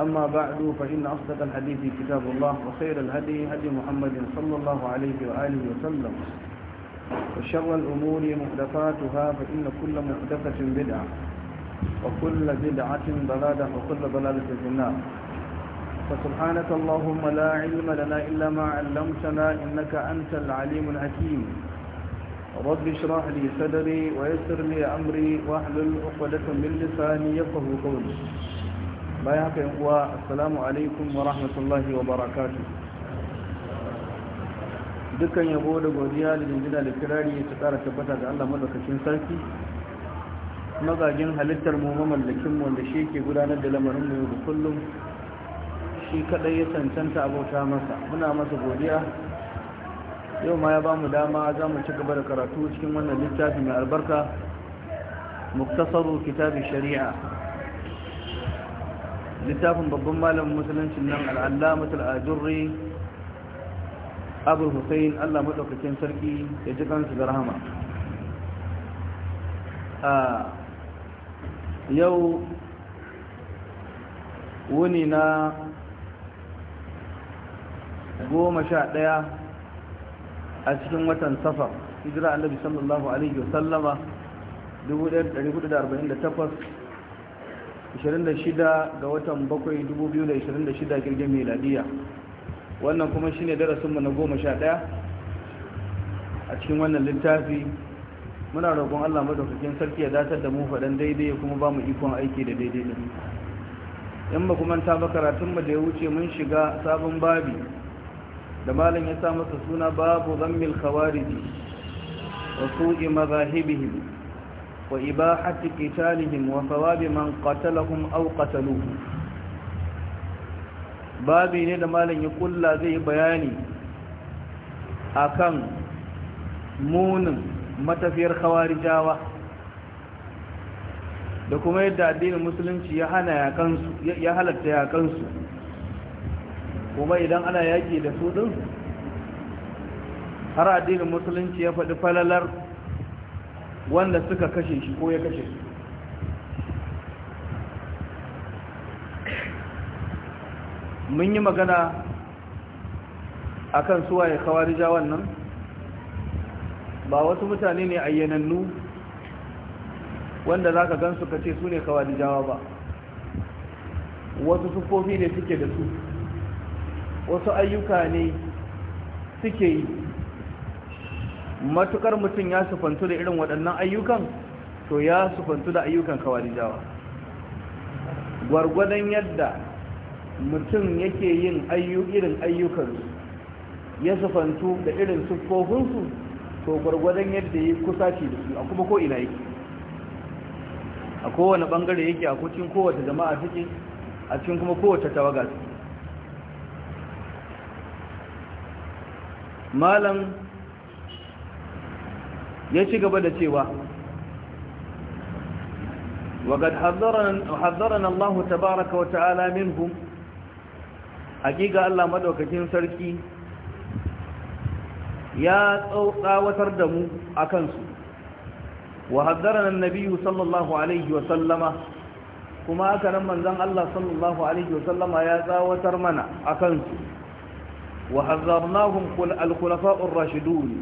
أما بعد فإن أصدق الحديث كتاب الله وخير الهدي هدي محمد صلى الله عليه وآله وسلم وشر الأمور محدثاتها فإن كل محدثة بدعة وكل بدعة ضلالة وكل ضلالة في النار فسبحانك اللهم لا علم لنا إلا ما علمتنا إنك أنت العليم الحكيم رب اشرح لي صدري ويسر لي أمري واحلل عقدة من لساني يفقه قولي bayan haka yin uwa assalamu alaikum wa rahmatullahi wa barakatu dukkan yabo da godiya da jinjina da kirari ta tsara tabbata ga Allah madaukakin sarki Magajin halittar mu mamallakin mu wanda shi ke gudanar da lamarin mu da kullum shi kadai ya cancanta abota masa muna masa godiya yau ma ya ba mu dama za mu ci gaba da karatu cikin wannan littafi mai albarka muktasaru Kitabin shari'a littafin babban malamin musulunci nan al'allamatul ajurri abu hussein allah maɗaukakin sarki ya ji kansu da rahama yau wuni na goma sha ɗaya a cikin watan safar hijira annabi sallallahu alaihi wasallama 1448 26 ga watan 7 2026 girgin meladiya wannan kuma shi ne darasinmu na 11 a cikin wannan littafi muna roƙon allah madaukakin sarki ya datar da mu faɗan daidai ya kuma ba mu ikon aiki da daidai da in ba ta karatun mu da ya wuce mun shiga sabon babi da malam ya sa masa suna babu zammil khawariji wa su'i mazahibihim وإباحة قتالهم وثواب من قتلهم أو قتلوه babi ne da malam ya kulla zai bayani akan munin matafiyar khawarijawa da kuma yadda addinin musulunci ya hana yakansu ya halatta yakansu kuma idan ana yaki da su din har addinin musulunci ya faɗi falalar wanda suka kashe shi ko ya kashe su mun yi magana akan suwaye kawarija wannan ba wasu mutane ne ayyanannu wanda za ka gan su ka ce su ne kawalijawa ba wasu sufofi ne suke da su wasu ayyuka ne suke yi matukar mutum ya sufantu da irin waɗannan ayyukan to ya sufantu da ayyukan kawarijawa gwargwadon yadda mutum yake yin irin ayyukansu ya sufantu da irin sufofinsu, to gwargwadon yadda ya kusaci da su a kuma ko ina yake a kowane bangare yake a kucin kowace jama'a take a cikin kuma kowace tawaga malam ya ci gaba da cewa وقد حذرنا حذرنا الله تبارك وتعالى منهم حقيقه الله madaukakin sarki ya tsawatar da mu akan su wa hazzarana annabi sallallahu alaihi wa sallama kuma aka nan manzon Allah sallallahu alaihi wa sallama ya tsawatar mana a kansu. wa hazzarnahum al-khulafa'ur rashidun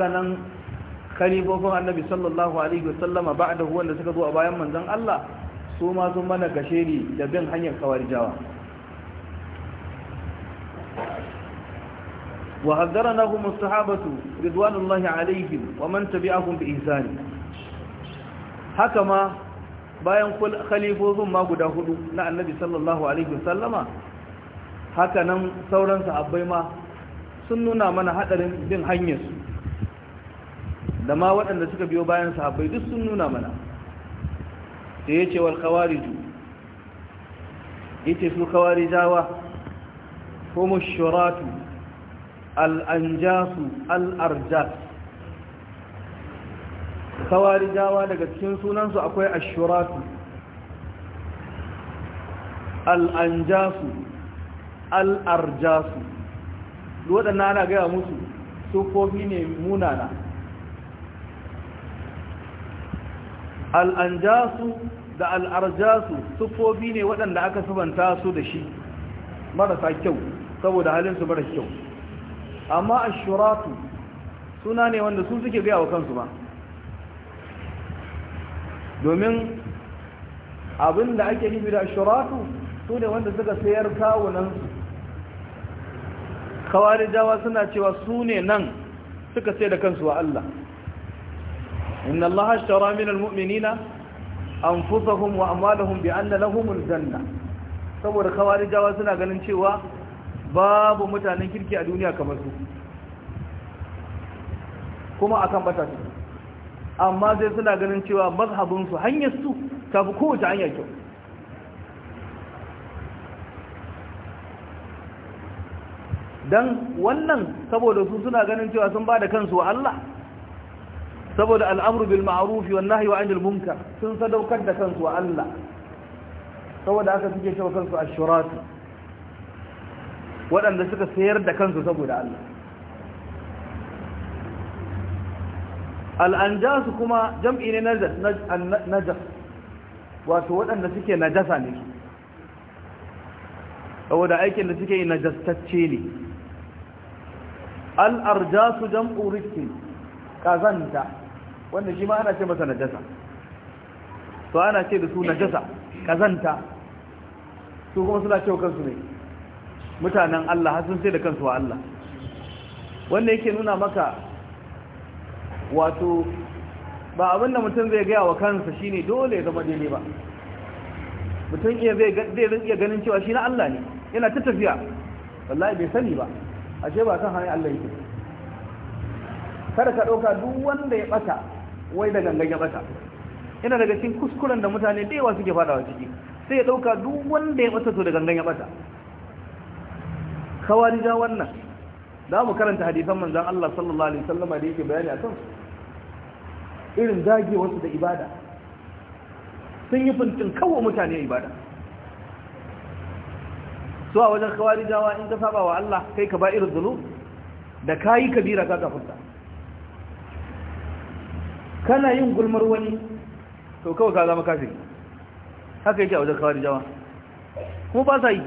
nan khalifofin annabi sallallahu alaihi wasallama huwan da suka zo a bayan manzon Allah su ma sun mana gasheri da bin hanyar kawarijawa wa kuma su sahabatu ridwanullahi alaihi wa man tabi'ahum bi ihsan haka ma bayan kalifofin ma guda hudu na annabi sallallahu alaihi wasallama haka nan sauran sahabbai ma sun nuna mana haɗarin bin hanyarsu da ma waɗanda suka biyo bayan sahabbai duk sun nuna mana da ya ce wal kawariju ita su kawarijawa kuma shuratu al'anjasu al'arjas kawarijawa daga cikin sunansu akwai ashuratu al'anjasu al'arjasu waɗanda ana gaya musu sufofi ne munana al'anjasu da al'arjasu sufofi ne waɗanda aka sabanta su da shi marasa kyau saboda halinsu mara kyau amma ashuratu suna ne wanda su suke gaya wa kansu ba domin abin da ake nufi da ashuratu su ne wanda suka sayar kawunansu kawarijawa suna cewa su ne nan suka sai da kansu wa Allah إن الله اشترى من المؤمنين أنفسهم وأموالهم بأن لهم الجنة saboda kawarijawa suna ganin cewa babu mutanen kirki a duniya kamar su kuma akan bata su amma sai suna ganin cewa mazhabinsu hanyar su tafi kowace hanyar kyau don wannan saboda su suna ganin cewa sun bada kansu wa Allah saboda al'amru bil ma'ruf wan nahyi wa 'anil munkar sun sadaukar da kansu wa Allah saboda haka suke cewa kansu ashuratu waɗanda suka sayar da kansu saboda Allah al'anjasu kuma jam'i ne na najas wato waɗanda suke najasa ne saboda aikin da suke yi najastacce ne al'arjasu jam'u rikin kazanta wanda shi ma ana ce masa najasa to ana ce da su najasa kazanta su kuma suna cewa kansu ne mutanen Allah har sun sai da kansu wa Allah wanda yake nuna maka wato ba abin da mutum zai gaya wa kansa shi ne dole ya zama daidai ba mutum iya zai iya ganin cewa shi na Allah ne yana ta tafiya wallahi bai sani ba ashe ba san hanyar Allah yake kada ka ɗauka duk wanda ya ɓata wai da gangan ya ɓata ina daga cikin kuskuren da mutane da yawa suke faɗawa ciki sai ya ɗauka duk wanda ya ɓata to da gangan ya ɓata kawarija wannan za mu karanta hadisan manzan Allah sallallahu alaihi wasallama da yake bayani akan irin zage wasu da ibada sun yi fintin kawo mutane ibada Su a wajen kawarijawa in ka saba wa Allah kai ka ba irin zulu da kayi kabira ka kafurta kana yin gulmar wani to kawai ka zama kafiri haka yake a wajen kawar jama kuma ba sa yi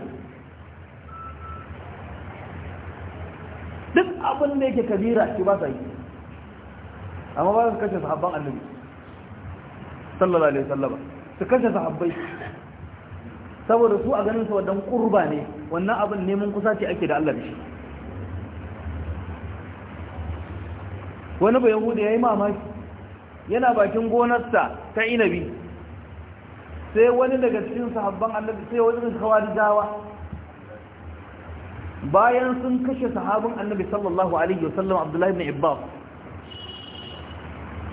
duk abin da yake kabira shi ba sa yi amma ba su kashe sahabban annabi sallallahu alaihi sallama su kashe sahabbai saboda su a ganin sa wadan kurba ne wannan abin neman kusa ce ake da Allah da shi wani bayan hudu ya yi mamaki yana bakin gonarsa ta inabi sai wani daga cikin sahabban annabi sai wani kawarijawa bayan sun kashe sahabin annabi sallallahu alaihi wasallam abdullahi ibn ibbas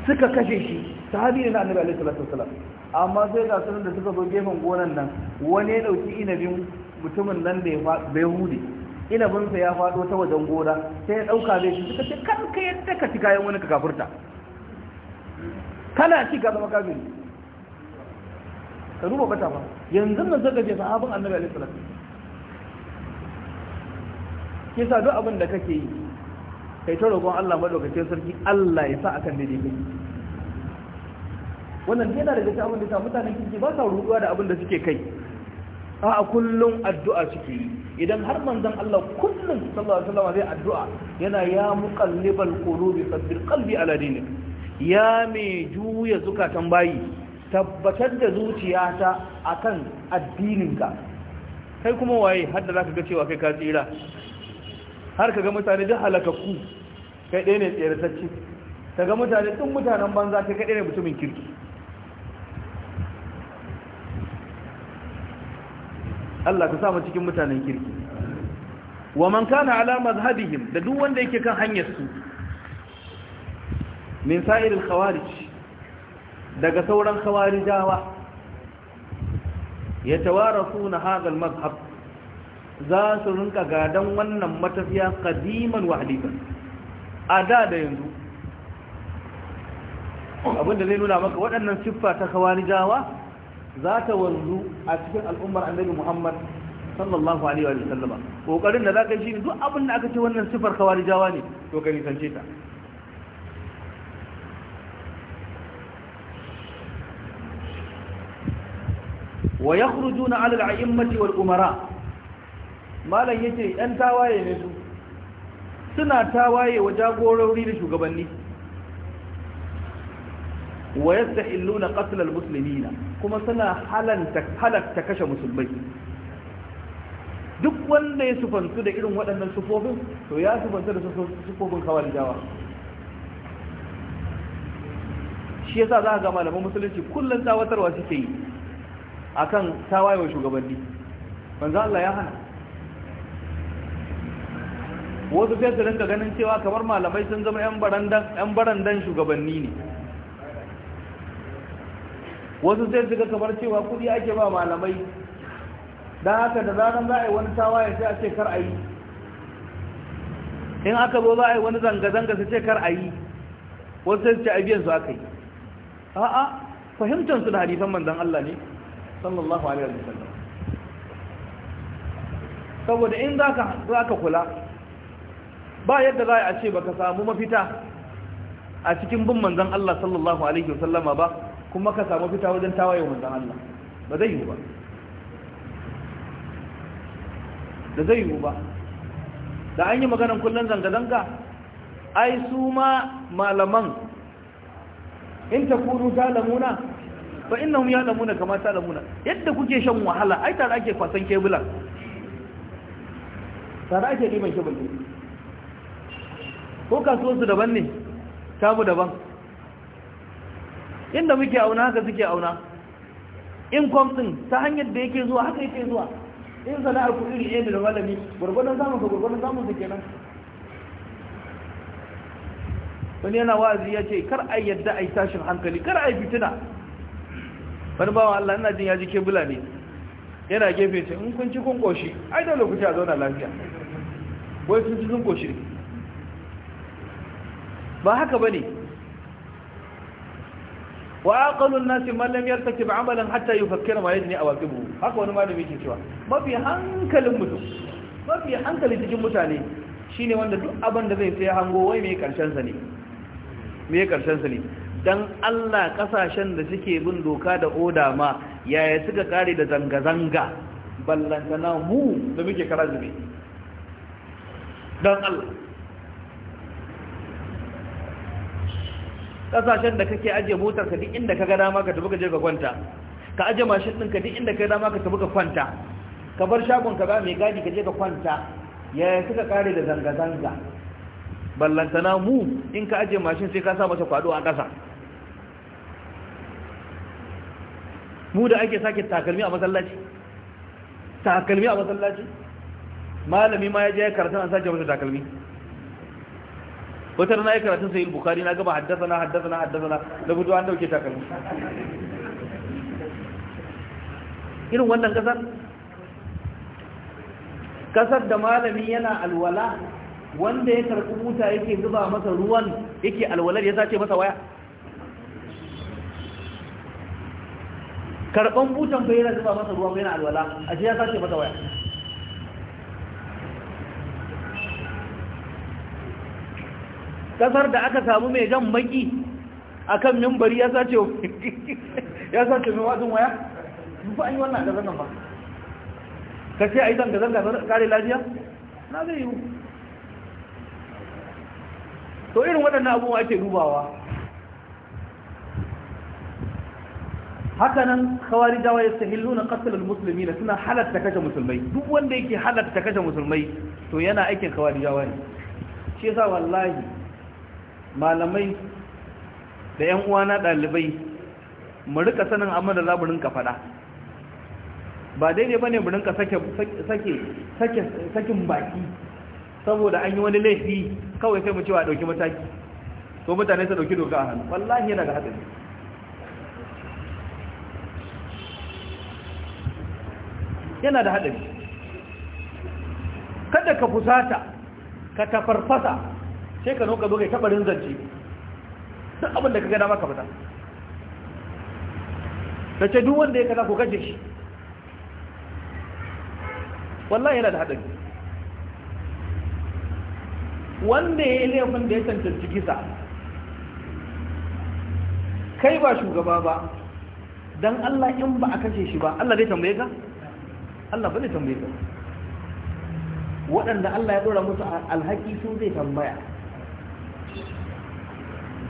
suka kashe shi sahabi ne na annabi alaihi salatu wasallam amma sai ga sunan da suka zo gefen gonan nan wani ya dauki inabin mutumin nan da ya bai hude inabinsa ya fado ta wajen gona sai ya dauka bai shi suka ce kan ka yadda ka ci kayan wani ka kafurta kana ci ka zama kafiri ka duba bata ba yanzu nan suka je sahabin annabi alaihi salatu kisa sa duk abin da kake yi kai ta roƙon Allah madaukakin sarki Allah ya sa akan daidai kai wannan yana daga cikin abin da ta mutanen kike ba sa ruɗuwa da abin da suke kai a kullum addu'a suke yi idan har manzon Allah kullum sallallahu alaihi wasallam zai addu'a yana ya muqallibal qulubi sabbir qalbi ala dinik ya mai juya zukatan bayi tabbatar da zuciyata akan addininka kai kuma waye har da zaka ga cewa kai ka tsira har ka ga mutane duk halakakku kai ɗaya ne ka kaga mutane duk mutanen banza kai kaɗai ne mutumin kirki Allah ka samu cikin mutanen kirki wa man kana ala mazhabihim da duk wanda yake kan hanyar su min sa'iril khawarij daga sauran khawarijawa yatawarasuna hadha al mazhab za su rinka gadan wannan matafiya qadiman wa a da da yanzu abinda zai nuna maka waɗannan siffa ta khawarijawa za ta wanzu a cikin al'ummar annabi Muhammad sallallahu alaihi wa sallama kokarin da zaka yi shine duk abin da aka ce wannan sifar khawarijawa ne to ka nisance ta wa yakhrujuna ala al-a'immati wal umara malam yace ɗan tawaye ne su suna tawaye wa jagorori da shugabanni wa yastahilluna qatl al-muslimina kuma suna halanta halatta kashe musulmai duk wanda ya sufantu da irin waɗannan sufofin to ya sufantu da sufofin jawa. shi ya sa za a gama malaman musulunci kullum tsawatarwa suke yi akan tawayewa shugabanni manzo Allah ya hana wasu sai su rinka ganin cewa kamar malamai sun zama yan barandan yan barandan shugabanni ne wasu sai su ga kamar cewa kudi ake ba malamai dan haka da zaran za a yi wani tawaye sai a ce kar a yi in aka zo za a yi wani zanga-zanga sai ce kar a yi wasu sai su ce a biyan su aka yi a'a fahimtar su da hadisan manzon Allah ne sallallahu alaihi wa wasallam saboda in za ka kula ba yadda za a ce ba ka samu mafita a cikin bin manzon Allah sallallahu alaihi wa sallama ba kuma ka samu fita wajen tawaye manzon Allah ba zai yiwu ba da zai yiwu ba da an yi maganan kullum zanga-zanga ai su ma malaman in ta kuru ta lamuna fa innahum ya'lamuna kama ta'lamuna yadda kuke shan wahala ai tare ake kwasan kebula tare ake diban kebul ko so su daban ne tamu daban inda muke auna haka suke auna In din ta hanyar da yake zuwa haka yake zuwa in sana'ar ku iri ɗaya da malami gurgurdan zamu ka gurgurdan zamu ka kenan wani yana wa'azi ya ce kar a yadda a yi tashin hankali kar a yi fitina wani bawa Allah ina jin ya ji kebula ne yana gefe ce in kun ci kun koshi ai dole ku ci a zauna lafiya wai sun ci sun koshi ba haka ba ne wa aqalun nasi man lam yartakib amalan hatta yufakkira ma yajni awaqibu haka wani malami yake cewa mafi hankalin mutum mafi hankali cikin mutane shine wanda duk abin da zai sai hango wai me karshen sa ne me karshen sa ne dan Allah kasashen da suke bin doka da oda ma yaya suka kare da zanga-zanga ballantana mu da muke kara zube dan Allah kasashen da kake aje motar ka duk inda ka ga dama ka tafi ka je ka kwanta ka aje mashin ɗinka duk inda ka ga dama ka tafi ka kwanta ka bar shagon ka ba mai gadi ka je ka kwanta yaya suka kare da zanga-zanga ballantana mu in ka aje mashin sai ka sa masa kwado a ƙasa mu da ake sake takalmi a masallaci takalmi a masallaci malami ma ya je ya an sake masa takalmi wata na yi karatun sayi bukari na gaba haddasa na haddasa na haddasa na da fito an dauke takalmi irin wannan kasar kasar da malami yana alwala wanda ya karɓi wuta yake zuba masa ruwan yake alwalar ya sace masa waya karban butan fa yana zuba masa ruwa fa yana alwala a ya sace mata waya kasar da aka samu mai jan a akan mimbari ya sace ya sace mai wajen waya ba an yi wannan ga zangan ba ka ce a yi zanga zanga kare lafiya na zai yi to irin waɗannan abubuwa ake dubawa haka nan dawa ya sahi luna kasar musulmi na suna halatta kashe musulmai duk wanda yake halatta kashe musulmai to yana aikin dawa ne shi yasa wallahi malamai da yan uwana dalibai mu rika sanin amma da zaburin ka fada ba daidai bane mu rinka sake sake sake sakin baki saboda an yi wani laifi kawai sai mu ce wa dauki mataki to mutane su dauki doka a hannu wallahi yana da hadari yana da haɗari kada ka fusata ka tafarfasa sai ka nuka zoge tabarin zance duk abin da ka gada maka fita ta ce duk wanda ya kaza ko kashe shi wallahi yana da haɗari wanda ya yi laifin da ya cancanci kisa kai ba shugaba ba don Allah in ba a kashe shi ba Allah zai tambaye ka? Allah bane tambaye ka waɗanda Allah ya dora musu alhaki su zai tambaya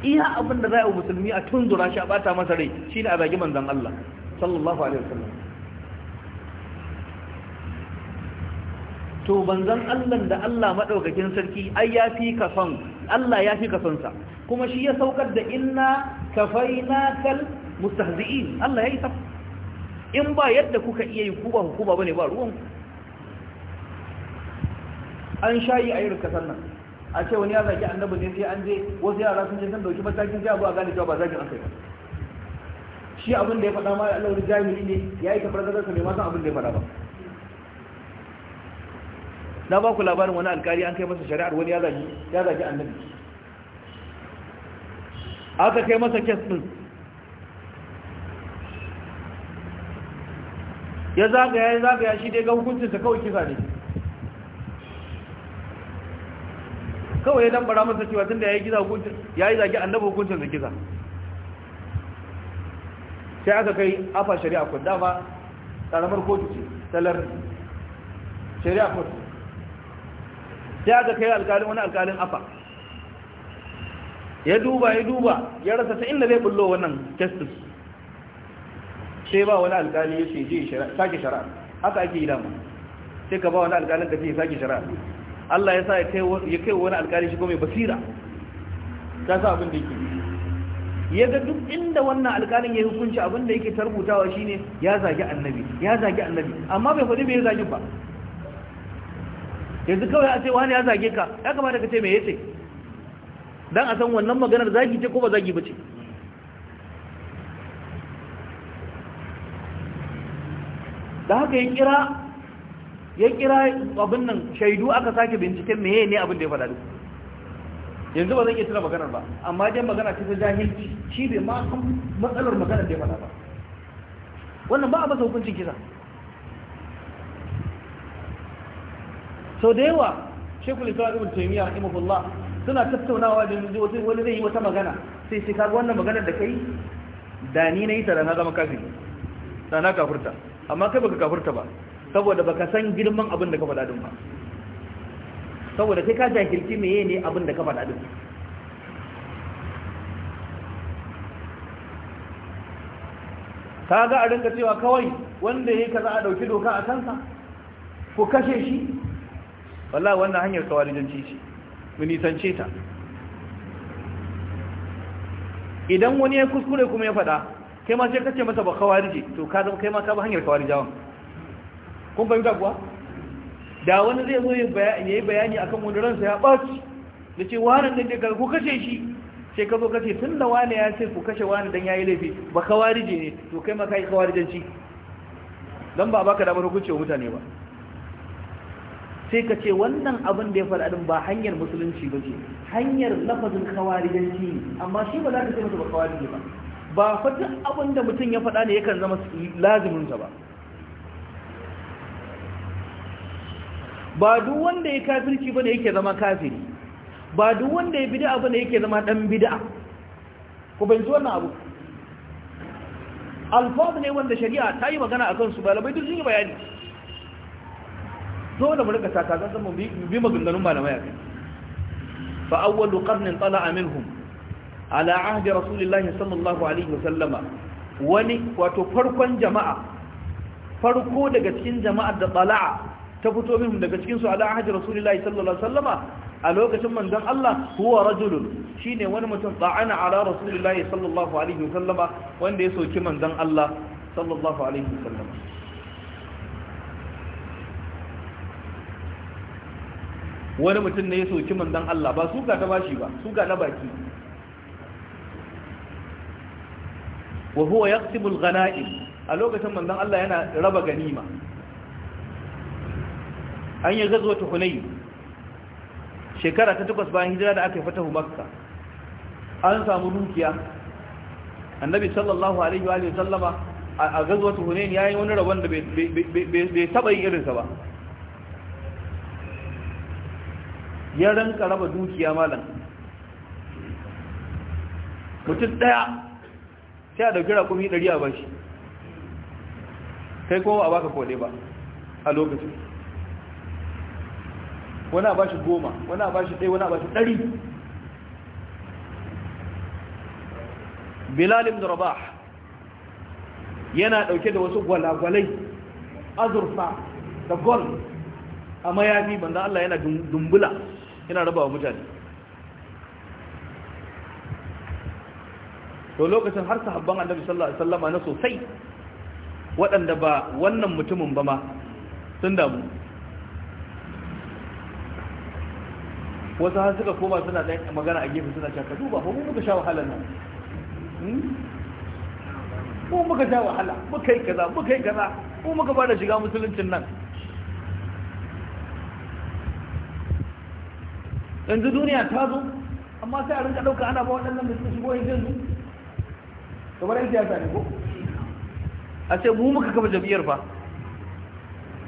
iya abin da za a yi musulmi a tunzura shi a bata masa rai shi ne a zagi manzan Allah sallallahu alaihi wasallam to banzan Allah da Allah maɗaukakin sarki ai ya fi ka son Allah ya fi ka son sa kuma shi ya saukar da inna kafaina kal mustahzi'in Allah ya yi saukar in ba yadda kuka iya yi kuba hukuma bane ba ruwan an shayi a irin kasar nan a ce wani ya zaki annabi ne sai an je wasu yara sun je sun dauki matakin sai abu a gane cewa ba zaki an kai shi abin da ya faɗa ma Allah wani jami'i ne ya yi kafar da bai ma san abin da ya faɗa ba na ba ku labarin wani alkali an kai masa shari'ar wani ya zaki annabi aka kai masa kes din ya zagaya ya zagaya shi dai ga hukuncinsa kawai kisa ne kawai ya dambara masa cewa tun da ya yi kisa hukuncin ya yi zagi annabi hukuncinsa kisa sai aka kai afa shari'a ku dama karamar kotu ce talar shari'a kotu sai aka kai alkalin wani alkalin afa ya duba ya duba ya rasa ta inda zai bullo wannan kestis sai ba wani alƙali ya ce zai sake shara'a haka ake yi dama sai ka ba wani alƙalin ka ce sake shara'a Allah ya sa ya kai wani alƙali shi kuma mai basira ta sa abin da yake ya ga duk inda wannan alƙalin ya hukunci abin da yake tarbutawa shine ya zagi annabi ya zage annabi amma bai faɗi bai ya zage ba yanzu kawai a ce wani ya zage ka ya kamata ka ce ya yace dan a san wannan maganar zagi ce ko ba zagi ba ce da haka ya kira ya kira abin nan shaidu aka sake binciken meye ne abin da ya faɗa duk yanzu ba zan iya tuna maganar ba amma dai magana ta jahilci shi bai ma san matsalar maganar da ya faɗa ba wannan ba a masa hukuncin kisa sau da yawa shekul islam ibn taymiya rahimahullah suna tattaunawa da wani zai yi wata magana sai shi ka wannan maganar da kai da ni na yi ta da na zama kafiri da na kafurta amma kai baka kafirta ba saboda baka san girman abin da ka faɗa din ba saboda kai ka jahilci meye ne abin da ka faɗa din ga a rinka cewa kawai wanda yake kaza a dauki doka a kansa ko kashe shi wallahi wannan hanyar kawarijanci ce mu nisance ta idan wani ya kuskure kuma ya faɗa kai ma sai kace masa ba kawarije to ka zama kai ma ka ba hanyar kawarijawan kun ta kuwa da wani zai zo ya yi bayani akan wani ransa ya baci da ce wani ɗin da ku kashe shi sai ka zo kace tun da wani ya ce ku kashe wani dan ya yi laifi ba kawarije ne to kai ma kai kawarijanci dan ba baka da hukunci wa mutane ba sai ka ce wannan abin da ya faru adin ba hanyar musulunci ba ce hanyar lafazin kawarijanci amma shi ba za ka ce masa ba kawarije ba ba fa abinda mutum ya faɗa ne yakan zama lazimin ba ba duk wanda ya kafirci bane yake zama kafiri ba duk wanda ya bid'a bane yake zama dan bid'a ku bayyana wannan abu alfaz ne wanda shari'a ta yi magana akan su malamai duk sun yi bayani dole mu rika taka zan mu bi maganganun malamai akai fa awwalu qarnin tala'a minhum ala ahdi rasulillahi sallallahu alaihi wasallama wani wato farkon jama'a farko daga cikin jama'ar da tsala'a ta fito min daga cikin su ala ahdi rasulillahi sallallahu alaihi wasallama a lokacin manzon Allah huwa rajulun shine wani mutum tsa'ana ala rasulillahi sallallahu alaihi wasallama wanda ya soki manzon Allah sallallahu alaihi wasallama wani mutum ne ya soki manzon Allah ba suka ta bashi ba suka na baki wa huwa yaqsibul ghanaim a lokacin manzon Allah yana raba ganima an yi gazwatu hunayn shekara ta takwas bayan hijira da aka yi fatahu makka an samu dukiya annabi sallallahu alaihi wa sallama a gazwatu hunayn yayin wani rabon da bai taba yin irinsa ba ya ranka raba dukiya malam mutum daya sai a dauki rakumi 100 a bashi kai kowa a baka kode ba a lokacin wani a bashi goma wani a bashi ɗai wani a bashi ɗari bilal da raba yana ɗauke da wasu gwalagwalai azurfa da gol a mayafi banda Allah yana dumbula yana raba wa mutane to lokacin har sahabban annabi sallallahu alaihi wasallama na sosai waɗanda ba wannan mutumin ba ma sun damu wasu har suka koma suna ɗaya magana a gefe suna cewa ka duba ba mu muka sha wahala nan hmm? mu muka sha wahala muka yi kaza muka yi kaza mu muka bada shiga musuluncin nan yanzu duniya ta zo amma sai a rinka ɗauka ana ba waɗannan da suka shigo yanzu kamar yan siyasa ne ko a ce mu muka kafa jam'iyyar fa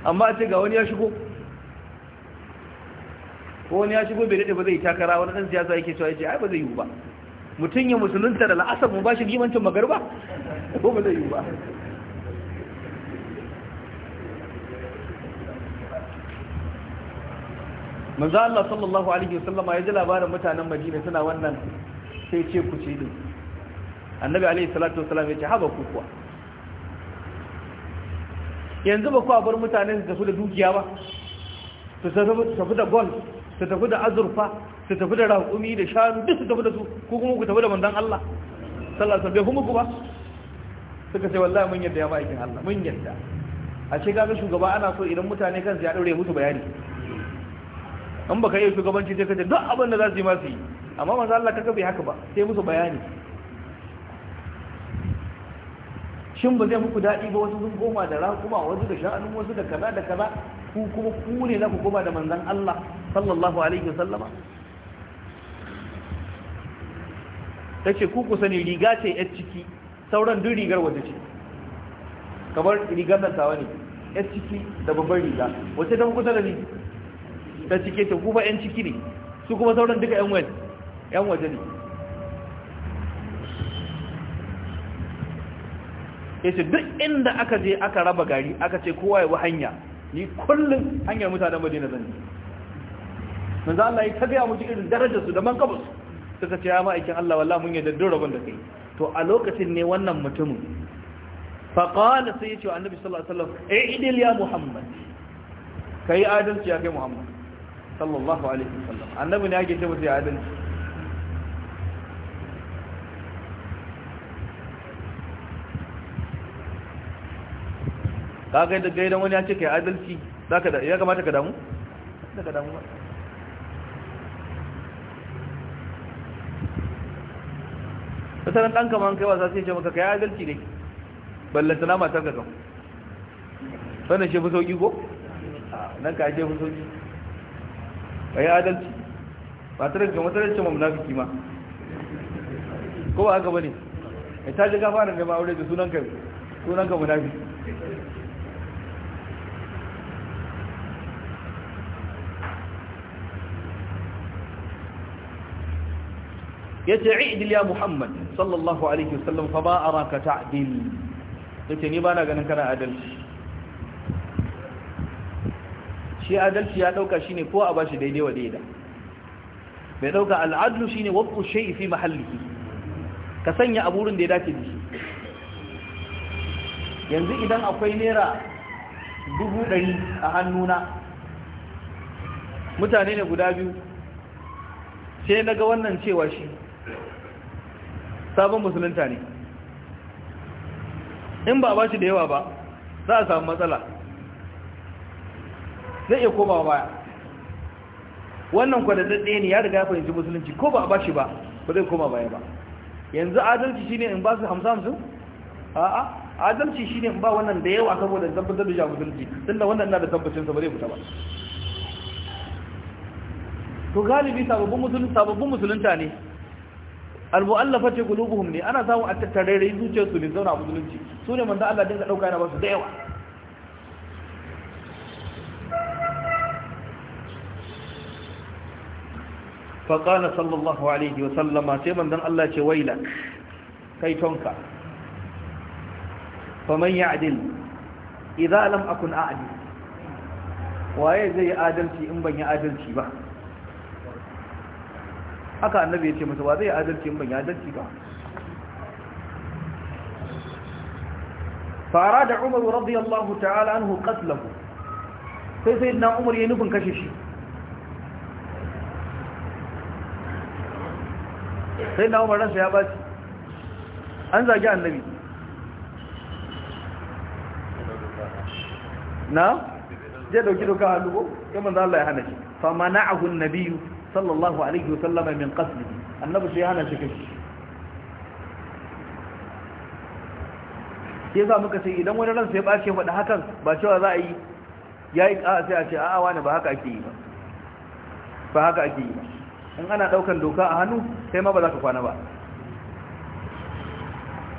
amma a ce ga wani ya shigo ko wani ya shigo bai daɗe ba zai takara wani ɗan siyasa yake cewa yace ai ba zai yiwu ba mutum ya musulunta da la'asar mu ba shi limancin ba ko ba zai yiwu ba manzo Allah sallallahu alaihi wasallam ya ji labarin mutanen Madina suna wannan sai ce ku ce din annabi alayhi salatu wasallam ya ce haba ku kuwa yanzu ba ku bar mutanen su tafi da dukiya ba su tafi da gold su tafi da azurfa su tafi da raƙumi da shanu duk su tafi da su ko kuma ku tafi da mandan Allah sallallahu alaihi wasallam ku ba suka ce wallahi mun yadda ya ba aikin Allah mun yadda a ce ga shugaba ana so idan mutane kan su ya daure musu bayani an baka yi shugabanci sai ka ce duk abin da za su yi ma su yi amma manzo Allah kaga bai haka ba sai musu bayani shin ba zai muku daɗi ba wasu sun koma da raƙuma wasu da sha'anin wasu da kaza da kaza ku kuma ku ne na ku koma da manzan Allah sallallahu alaihi wasallama tace ku ku sani riga ce yar ciki sauran duk rigar waje ce kamar rigar da tawa ne yar ciki da babbar riga wace ta kusa da ni ta cike ta ku ba yan ciki ne su kuma sauran duka yan waje ne yace duk inda aka je aka raba gari aka ce kowa ya bi hanya ni kullum hanyar mutanen Madina zan yi manzo Allah ya kaga mu ji irin darajar su da man kabus suka ce ya ma aikin Allah wallahi mun yadda duk rabon da kai to a lokacin ne wannan mutumin fa qala sai yace annabi sallallahu alaihi wasallam eh, i'dil ya muhammad kai adalci ya kai muhammad sallallahu alaihi wasallam annabi ne yake ce mutai adalci ka ga da gaidan wani ya ce kai adalci zaka da ya kamata ka damu ka damu ba? masarar ɗanka ma kai wasa sai ce maka kai adalci ne ballanta na matar ka kan sannan shi fi sauƙi ko nan ka ce fi sauƙi kai adalci matar ka masarar ce fi kima. ko ba haka ba ne ta ji gafarin da aure da sunan kai sunan ka fi? yace i'dil ya muhammad sallallahu alaihi wasallam fa ba araka ta'dil yace ni bana ganin kana adalci shi adalci ya dauka shine ko a bashi daidai wa daidai. bai dauka al'adlu shine waqfu shay'i fi mahallihi ka sanya aburin da ya dace da yanzu idan akwai naira dubu ɗari a hannuna mutane ne guda biyu sai na ga wannan cewa shi sabon musulunta ne in ba ba shi da yawa ba za a samu matsala zai iya koma baya wannan ɗaya ne ya daga ya fahimci musulunci ko ba a ba shi ba ba zai koma baya ba yanzu adalci shine in ba su hamsa hamsin a'a adalci shine in ba wannan da yawa saboda tabbatar da musulunci tunda wannan na da tabbacin sa ba zai fita ba to galibi sababbin musulunta ne almu'allafati qulubuhum ne ana samu a tattarere zuciyar su ne zauna a musulunci su ne manzo Allah dinga dauka yana ba su da yawa fa qala sallallahu alaihi wa sallama sai manzon Allah ce wailak kai tonka faman ya'dil idza lam akun a'dil waye zai adalci in ban yi adalci ba haka annabi ya ce masa ba zai adalci ban ya adalci ba fara da umar radiyallahu ta'ala anhu qatlahu sai sai na umar ya nufin kashe shi sai na umar ransa ya baci an zage annabi na je dauki doka hannu ko kamar da Allah ya hana shi fa mana'ahu an sallallahu alaihi wa sallama min qasdi annabi sai hana shi kashi sai za muka ce idan wani ran sai ya bace da hakan ba cewa za a yi yayi a sai a ce a'a wani ba haka ake yi ba ba haka ake yi in ana daukan doka a hannu sai ma ba za ka kwana ba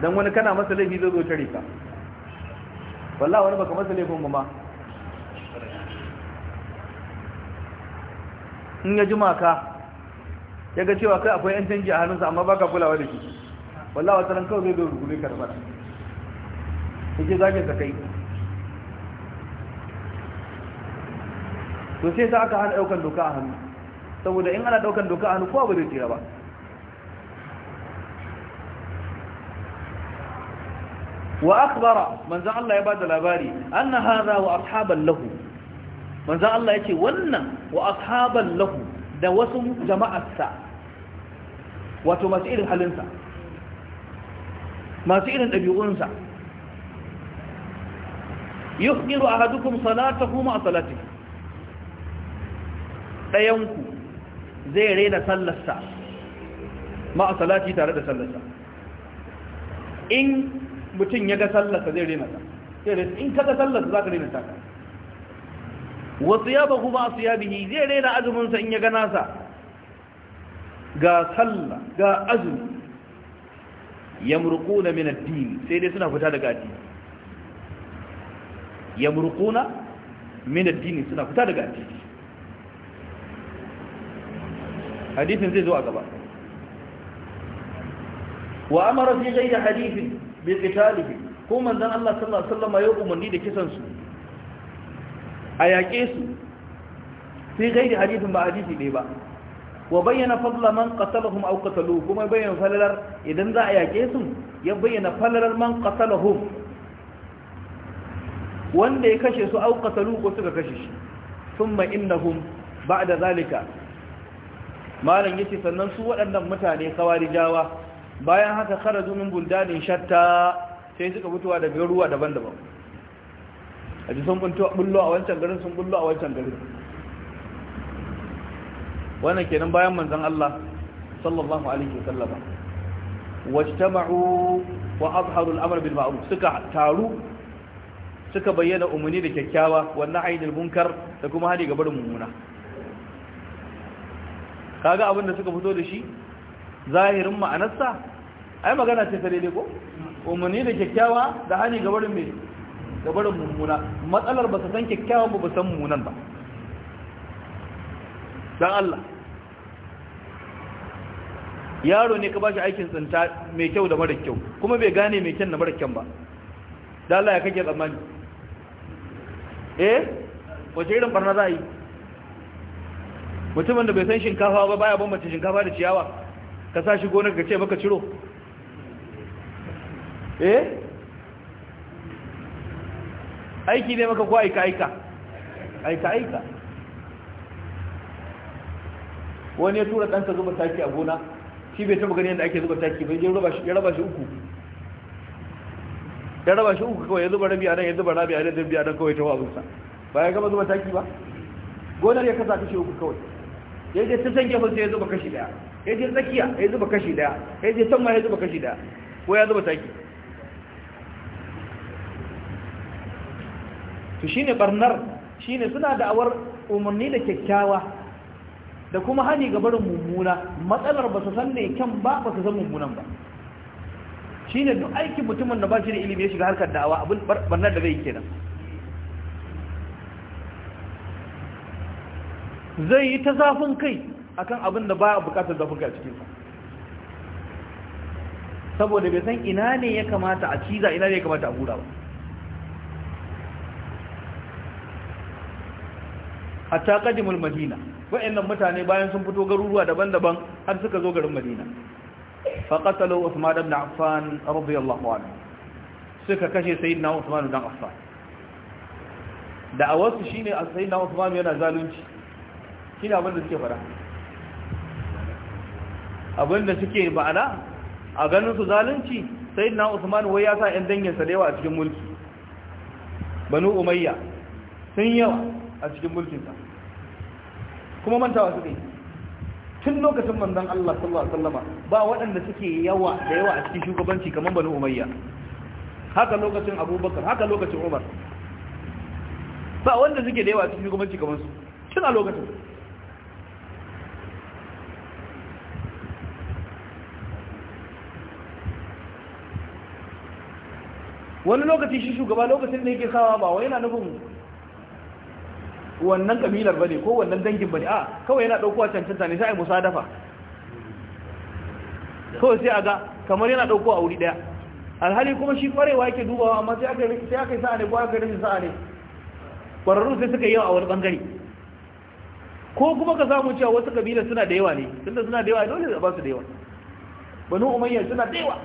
dan wani kana masa laifi zai zo tare ka wallahi wani baka masa laifin mu ma in ya jima ka ya ga cewa kai akwai yan canji a hannunsa amma ba ka kulawa da shi wallahi wata kawai zai zo rubuce ka da fada yake zage ka kai to sai sa aka hana daukan doka a hannu saboda in ana daukan doka a hannu kowa ba zai tsira ba wa akhbara manzo Allah ya bada labari an na hadha wa ashaban lahu manzan Allah ya ce wannan wa ashaban lahu da wasu jama'arsa wato masu irin halinsa masu irin ɗabi'unsa yuhqiru ahadukum salatahu ma salati dayanku zai rena sallarsa ma salati tare da sallarsa in mutum ya ga sallarsa zai rena ta in kaga sallarsa zaka rena ta wasu ya ba kuma su ya bihi zai raina azuminsa in ya gana sa ga sallah ga azumi Ya murkuna min addini, sai dai suna fita daga addini Ya murkuna min addini, suna fita daga addini Hadithin zai zo a gaba wa amara fi ghayri hadithin bi qitalihim ko manzon Allah sallallahu alaihi wasallam ya umarni da kisan su a yaƙe su sai da hadithin ba hadithi ɗaya ba wa bayyana fadla man qatalahum aw qataluhu kuma bayyana falalar idan za a yaƙe su ya bayyana falalar man ƙasalahun wanda ya kashe su aw qataluhu ko suka kashe shi thumma innahum da zalika malam ce sannan su waɗannan mutane kawarijawa bayan haka kara zunin buldanin shatta sai suka mutuwa daga ruwa daban-daban a ji sun bullo a wancan garin sun bullo a wancan garin wannan kenan bayan manzon Allah sallallahu alaihi wasallama wajtama'u wa azharu al-amr bil ma'ruf suka taru suka bayyana umuni da kyakkyawa wannan ainul munkar da kuma hadi ga barin mummuna kaga abin da suka fito da shi zahirin ma'anarsa ai magana ce ta daidai ko umarni da kyakkyawa da hani ga barin mai ga barin mummuna matsalar ba su san kyakkyawan ba ba san mummunan ba dan Allah yaro ne ka ba shi aikin tsinta mai kyau da mara kyau kuma bai gane mai kyan da mara kyan ba da Allah ya kake tsammani eh wace irin barna za a yi mutumin da bai san shinkafa ba baya mace shinkafa da ciyawa ka sa shi gonar ka ce maka ciro eh aiki ne maka ko aika aika aika aika wani ya tura ɗansa zuba taki a gona shi bai taɓa gani yadda ake zuba taki bai ya raba shi uku ya raba shi uku kawai ya zuba rabi a nan ya zuba rabi a nan zubi biya nan kawai ta wazusa ba ya gama zuba taki ba gonar ya kasa kashi uku kawai ya je ta san gefen sai ya zuba kashi daya ya je tsakiya ya zuba kashi daya ya je can ma ya zuba kashi daya ko ya zuba taki to shine barnar shine suna da awar umarni da kyakkyawa da kuma hani ga barin mummuna matsalar ba su san ne kyan ba ba su san mummunan ba shine duk aikin mutumin da ba shi da ilimi ya shiga harkar da'awa abin barnar da zai kenan zai yi ta zafin kai akan abin da ba a bukatar zafin kai a cikinsa saboda bai san ina ne ya kamata a ciza ina ne ya kamata a hura ba hatta qadimul madina wa'annan mutane bayan sun fito garuruwa daban-daban har suka zo garin madina fa qatalu usman ibn affan radiyallahu anhu suka kashe sayyidina usman ibn affan da a wasu shine sayyidina usman yana zalunci shine abin da suke fara abin da suke ba'ana a ganin su zalunci sayyidina usman wai ya sa ɗan dangin sa da yawa a cikin mulki banu umayya sun yawa a cikin mulkinsa kuma mantawa suke tun lokacin manzon Allah sallallahu alaihi wasallama ba waɗanda suke yawa da yawa a cikin shugabanci kamar Banu Umayya haka lokacin Abubakar haka lokacin Umar ba wanda suke da yawa a cikin shugabanci kamar su tun a lokacin wani lokaci shi shugaba lokacin da yake sawa ba wai yana nufin wannan kabilar bane ko wannan dangin bane a kawai yana daukowa cancanta ne sai ai musadafa kawai sai aga kamar yana daukowa a wuri daya alhali kuma shi kwarewa yake dubawa amma sai aka sai aka sa'a ne ko aka rinsa sa'a ne kwararru sai suka yi a wani bangare ko kuma ka samu cewa wasu kabilar suna da yawa ne tunda suna da yawa dole za ba su da yawa banu umayya suna da yawa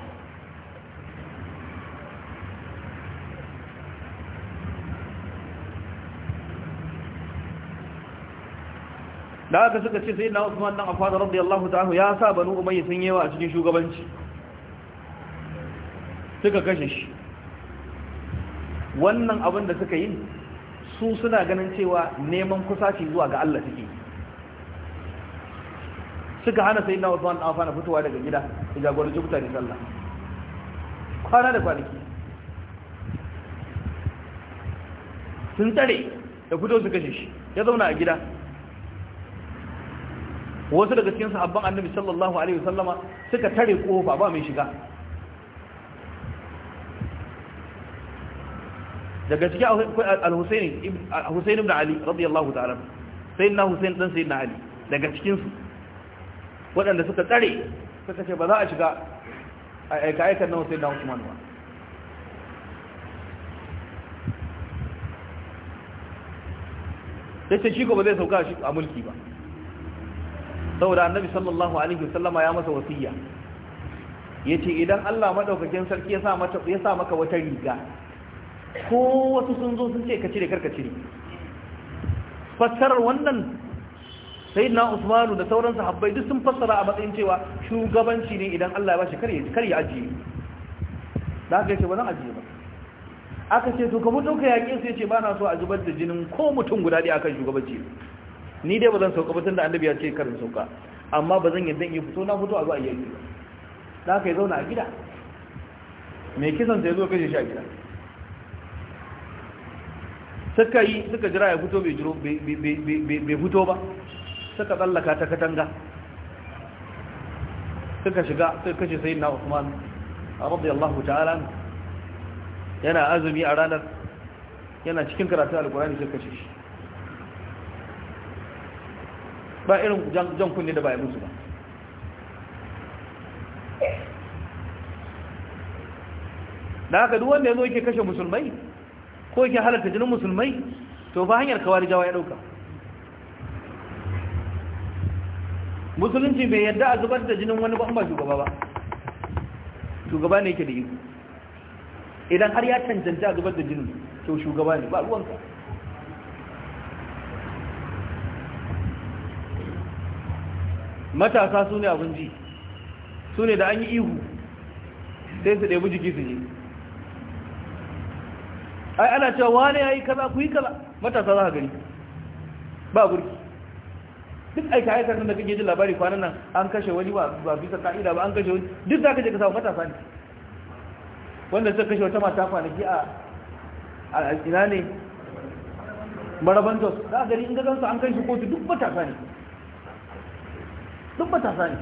da aka suka ce sai na Usman dan Affan radiyallahu ta'ala ya sa banu Umayya sun yawa a cikin shugabanci suka kashe shi wannan abin da suka yi su suna ganin cewa neman kusaci zuwa ga Allah take suka hana sayyidina Usman dan Affan fitowa daga gida ya jagoranci mutane sallah kwana da kwanaki sun tare da fito su kashe shi ya zauna a gida wasu daga cikin sahabban annabi sallallahu alaihi wasallama suka tare kofa ba mai shiga daga cikin al-Husayn ibn Ali radiyallahu ta'ala sayyidina dan sayyidina Ali daga cikin su waɗanda suka tsare suka ce ba za a shiga aika aikan nan sayyidina Usman ba sai shi ko ba zai sauka a mulki ba saboda annabi sallallahu alaihi wasallama ya masa wasiya yace idan Allah madaukakin sarki ya sa mata ya sa maka wata riga ko wasu sun zo sun ce ka cire karka cire fassarar wannan sayyidina Usmanu da sauran sahabbai duk sun fassara a matsayin cewa shugabanci ne idan Allah ya bashi kar ya ajiye da haka yace ba zan ajiye ba aka ce to ka mutu ka yaƙe su ce ba na so a zubar da jinin ko mutum guda ɗaya akan shugabanci ni dai ba zan sauka ba tunda annabi ya ce karin sauka amma ba zan yadda in fito na fito a zo a yi da aka yi zauna a gida mai kisan sai zo kashe shi a gida suka yi suka jira ya fito bai jiro bai fito ba suka tsallaka ta katanga suka shiga suka kashe sai na usman allah ta'ala yana azumi a ranar yana cikin karatu Alqurani sai kashe shi ba irin jan kunne da ba ya musu ba da haka duk wanda ya zo yake kashe musulmai ko yake halarta jinin musulmai to ba hanyar kawar jawa ya dauka musulunci bai yadda a zubar da jinin wani ba shugaba ba shugaba ne yake da iko idan har ya cancanta a zubar da jinin to shugaba ne ba ruwanka matasa su ne abin ji su ne da an yi ihu sai su ɗebi jiki su yi ai ana cewa wane ya yi kaza ku yi kaza matasa za a gani ba gurki duk aika aikar da kake ji labari kwanan nan an kashe wani ba bisa ka'ida ba an kashe wani duk za ka je ka samu matasa ne wanda suka kashe wata mata kwanaki a ina ne marabantos za a gani in ga gansu an kashe kotu duk matasa ne duk matasa ne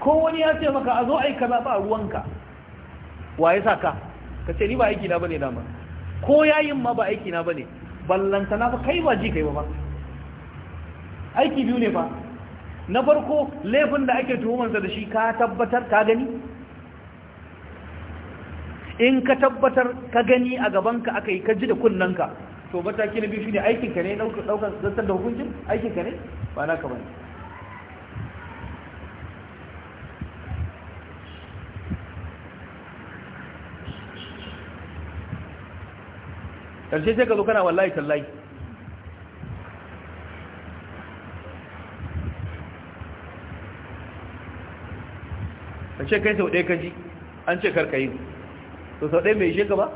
ko wani ya ce maka a zo aika kaza ba ruwanka wa ya sa ka ka ce ni ba aiki na bane dama ko yayin ma ba aiki na bane ballanta na ba kai ba ji kai ba ba aiki biyu ne ba na farko laifin da ake tuhumansa da shi ka tabbatar ka gani in ka tabbatar ka gani a gabanka aka yi ka ji da kunnanka to mataki na biyu shine aikin ka ne daukan zartar da hukuncin aikin ka ne ba na kamar karshe sai ka zo kana wallahi tallahi karshe kai sau ɗaya ka ji an ce karkayi yi to sau ɗaya mai ishe ka ba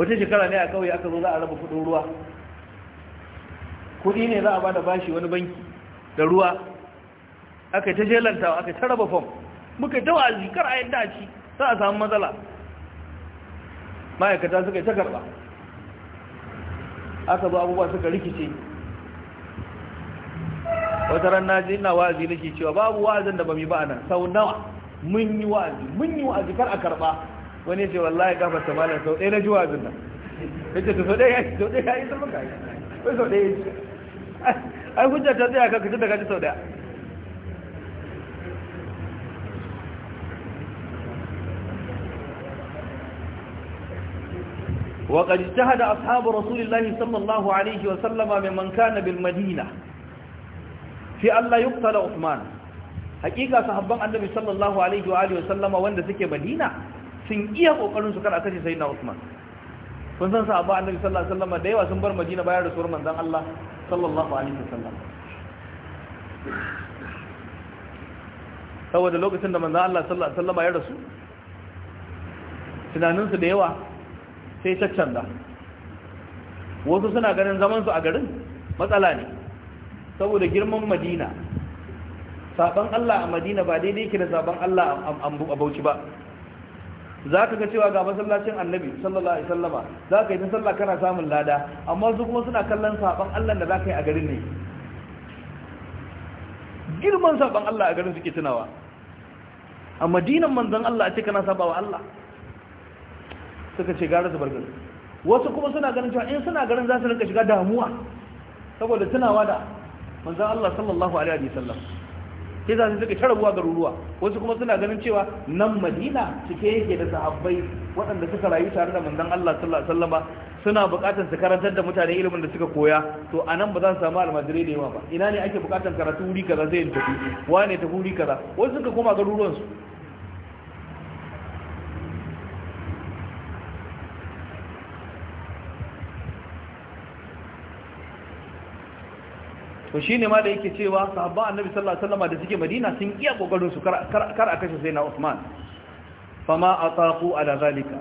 wata shekara ne a kawai aka zo za a raba kudin ruwa kudi ne za a bada bashi wani banki da ruwa aka ta jelantawa aka ta raba fom muka yi wa'azi zikar a yadda ci za a samu matsala ma'aikata suka yi ta karba aka zo abubuwa suka rikice wata ranar na ji ina wa'azi nake cewa babu wa'azin da ba mu ba nan sau nawa mun yi wa'azi mun yi wa'azi kar a karba wani ce wallahi gafa ta malam sau ɗaya na juwa abin nan ya ce ta sau ɗaya ya ce sau ɗaya ya yi ta maka sau ɗaya ya ce ai hujjar ta tsaye a kan kacin da kaji sau ɗaya وقد اجتهد أصحاب رسول الله صلى الله عليه وسلم ممن كان بالمدينة في ألا يقتل عثمان حقيقة صحبان النبي صلى الله عليه وآله وسلم وان دسك مدينة sun iya kokarin su kana kashe sayyidina Usman kun san sahaba annabi sallallahu alaihi wasallam da yawa sun bar Madina bayan rasuwar manzon Allah sallallahu alaihi wasallam saboda lokacin da manzon Allah sallallahu alaihi wasallam ya rasu tunaninsu da yawa sai da wasu suna ganin zamansu a garin matsala ne saboda girman madina saban Allah a madina ba daidai ke da saban Allah a bauchi ba za ka ga cewa ga masallacin annabi sallallahu alaihi sallama za ka yi ta sallah kana samun lada amma su kuma suna kallon saban allah da za ka yi a garin ne girman saban allah a garin suke tunawa a madinan manzan allah a cikin saba wa allah suka ce gara su bar garin wasu kuma suna ganin cewa in suna garin za su rinka shiga damuwa saboda tunawa da manzan allah sallallahu alaihi wasallam sai za su suka tarabuwa garuruwa wasu kuma suna ganin cewa nan madina cike yake da sahabbai waɗanda suka rayu tare da manzon Allah sallallahu alaihi wasallam suna buƙatar su karantar da mutane ilimin da suka koya to a nan ba za su samu almajirai da yawa ba ina ne ake buƙatar karatu wuri kaza zai tafi wane tafi wuri kaza wasu suka koma garuruwansu to ne ma da yake cewa sahabba annabi sallallahu alaihi wasallam da suke madina sun iya kokarin su kar a kashe sai na usman fama ataqu ala zalika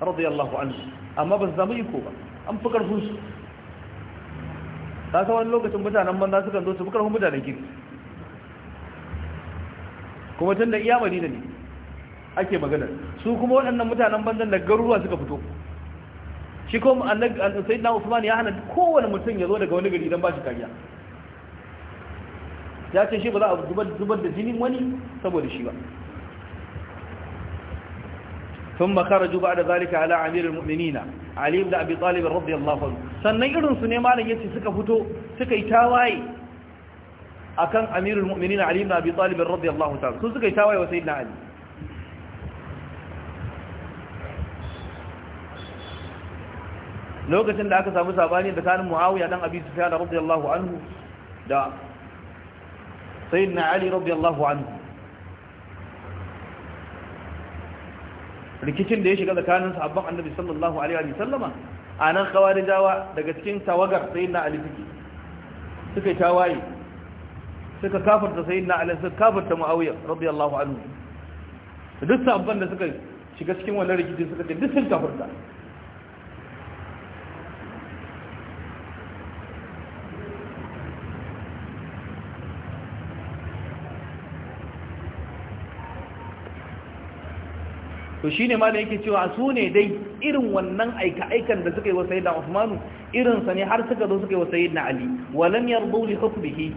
radiyallahu anhu amma ba zama yi ko ba an fi karfin su ta wani lokacin mutanen banza kan zo su fi karfin mutanen gidi kuma tun da iya madina ne ake magana su kuma waɗannan mutanen banzan da garuruwa suka fito shi kuma annabi sayyidina usman ya hana kowane mutum ya zo daga wani gari idan ba shi kariya ya ce shi ba za a zubar da jinin wani saboda shi ba ثم makara بعد da zalika امير المؤمنين علي بن da abi رضي الله عنه sannan irinsu su ne malam yace suka fito suka yi tawaye akan amirul mu'minin ali da abi talib radiyallahu ta'ala su suka yi tawaye wa sayyidina ali lokacin da aka samu sabani tsakanin muawiya dan abi sufyan radiyallahu anhu da sayyidina ali radiyallahu anhu rikicin da ya shiga tsakanin sahabban annabi sallallahu alaihi wa sallama anan khawarijawa daga cikin tawagar sayyidina ali suke suka tawaye suka kafarta sayyidina ali suka kafarta muawiya radiyallahu anhu duk sahabban da suka shiga cikin wannan rikicin suka ce duk sun kafarta to shine malam yake cewa su ne dai irin wannan aika-aikan da suka yi wa sayyidina usmanu irin sa ne har suka zo suka yi wa sayyidina Ali wa lam yardu li hukmihi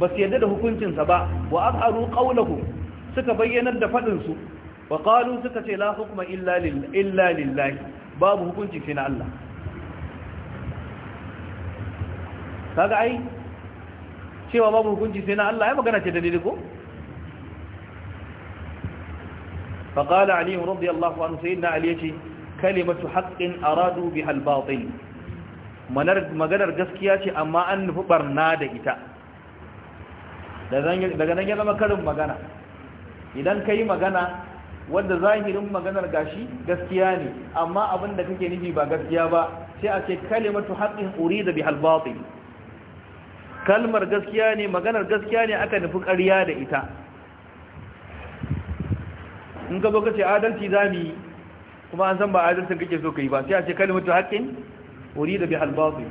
bas yadda da hukuncin sa ba wa aqaru qawluhu suka bayyanar da fadin su wa qalu suka ce la hukma illa lillahi babu hukunci sai na Allah kaga ai cewa babu hukunci sai na Allah ya magana ce da dai ko فقال علي رضي الله عنه سيدنا علي يتي كلمة حق أرادوا بها الباطل maganar gaskiya ce amma an nufi barna da ita daga nan ya zama karin magana idan ka yi magana wadda zahirin maganar gashi gaskiya ne amma abin da kake nufi ba gaskiya ba sai a ce kalimatu haqqin urida bihal batil kalmar gaskiya ne maganar gaskiya ne aka nufi ƙarya da ita in ka zo ka ce adalci za mu yi kuma an san ba adalcin kake so ka yi ba sai a ce kalimatu haƙƙin wuri da bi halbazi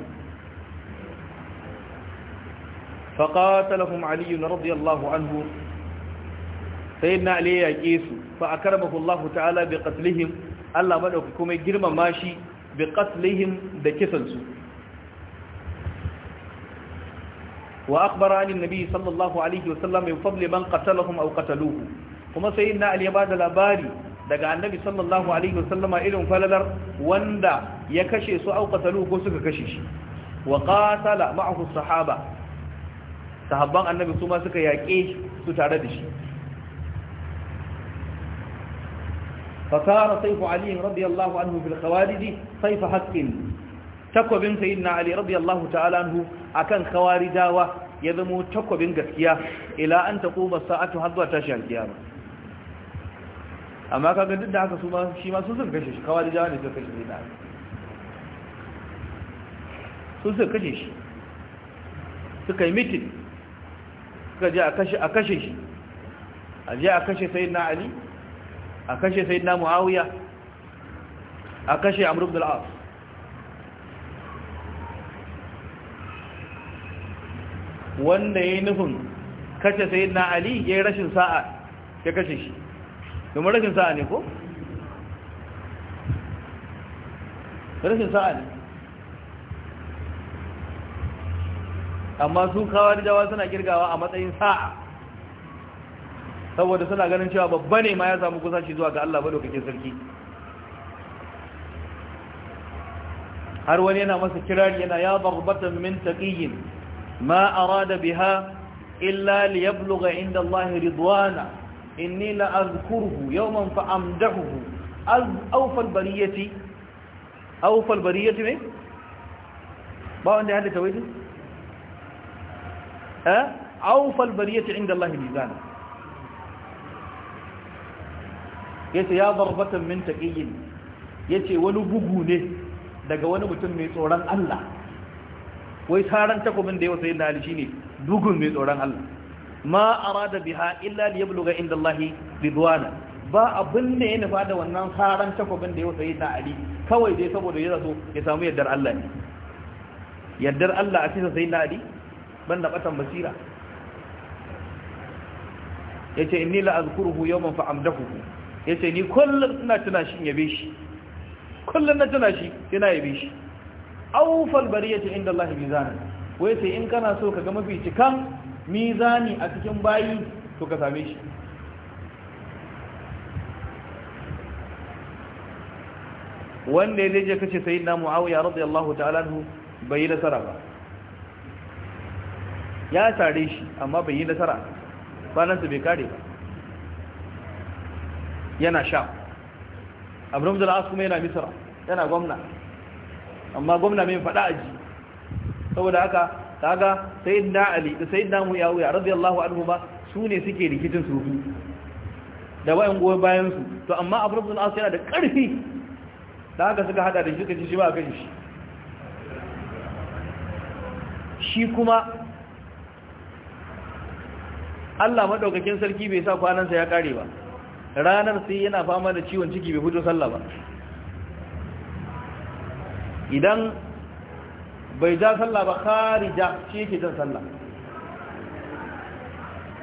faƙatalahum aliyu na radiyallahu anhu sai na ali ya yaƙe su ba fa akarmahu Allah ta'ala bi qatlihim Allah madauki kuma girmama shi bi qatlihim da kisan su wa akhbara an annabi sallallahu alaihi wasallam bi fadli man qatalahum aw qataluhu kuma sai na ali ya ba labari daga annabi sallallahu alaihi wasallama irin falalar wanda ya kashe su au qatalu ko suka kashe shi wa qatala ma'ahu sahaba sahabban annabi su ma suka yaƙe su tare da shi fasara saifu ali radiyallahu anhu fil khawarij saifu haqqin takwabin sayyidina ali radiyallahu ta'ala anhu akan khawarijawa ya zamo takwabin gaskiya ila an taquma sa'atu hadwa tashi al-qiyamah amma kaga duk da haka su ma shi ma sun suka kashe shi kawai da ne suka kashe shi da sun suka kashe shi suka yi mitin suka je a kashe shi a je a kashe na ali a kashe na muawiya a kashe amurub da al wanda ya yi nufin kashe na ali ya yi rashin sa'a ya kashe shi domin rashin sa'a ne ko? rashin sa'a ne amma su da jawa suna girgawa a matsayin sa'a saboda suna ganin cewa babba ne ma ya samu kusashi zuwa ga Allah ba lokacin sarki har wani yana masa kirari yana ya barbatan min taqiyin ma arada biha illa liyabluga inda Allah ridwana inni la azkuruhu yawman fa amdahuhu az awfal bariyati awfal bariyati ne ba wanda ya haddace wai eh awfal bariyati inda Allah mizan yace ya darbatan min taqiyyin yace wani bugu ne daga wani mutum mai tsoron Allah wai saran takobin da yawa sayyidina Ali ne, bugun mai tsoron Allah ma arada biha illa liyabluga inda Allah ridwana ba abin da ya nufa da wannan haran takobin da ya wuce ta ali kawai dai saboda ya so ya samu yaddar Allah ne yaddar Allah a cikin sayyidina ali banda batan basira yace inni la azkuruhu yawman fa amdahu yace ni kullum ina tuna shi yabe shi kullum na tuna shi ina yabe shi awfal bariyati inda Allah mizanan wai sai in kana so ka ga mafi cikan mizani a cikin bayi to ka same shi wanda ya je kace sayyidina muawiya radiyallahu ta'ala anhu bai yi nasara ba ya tare shi amma bai yi nasara su bai kare ba yana sha abin da al'as kuma yana misra yana gwamna amma gwamna mai faɗa aji saboda haka kaga sayyidina ali da sayyidina muawiya radiyallahu anhu ba su ne suke rikicin sufi da bayan goyen bayan su to amma abu rubun as yana da karfi da haka suka hada da shi suka ci shi ba kan shi shi kuma Allah madaukakin sarki bai sa kwanansa ya kare ba ranar sai yana fama da ciwon ciki bai fito sallah ba idan bai ja sallah ba kharija shi yake jan sallah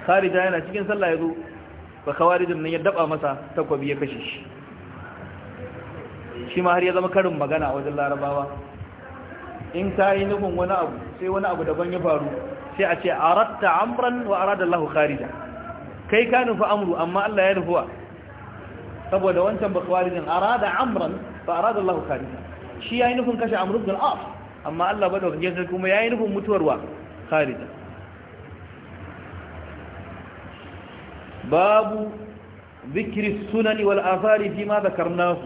kharija yana cikin sallah yazo ba kawarijin nan ya daba masa takwabi ya kashe shi shi ma har ya zama karin magana a wajen larabawa in ta yi nufin wani abu sai wani abu daban ya faru sai a ce a ratta amran wa arada lahu kharija kai ka nufi amru amma Allah ya nufuwa saboda wancan ba khawarijin arada amran fa arada lahu kharija shi ya yi nufin kashe amru bin af. amma Allah ba da wakilin kuma ya yi nufin mutuwarwa kharija babu zikiri sunani wal asari fi ma zakarnahu